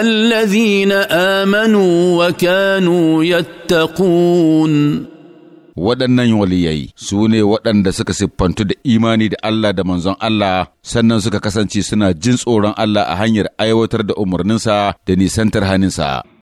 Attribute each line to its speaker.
Speaker 1: الذين آمنوا وكانوا يتقون waɗannan waliyai su ne waɗanda suka siffantu da imani da Allah da manzon Allah sannan suka kasance suna jin tsoron Allah a hanyar aiwatar da
Speaker 2: umarninsa da nisantar haninsa.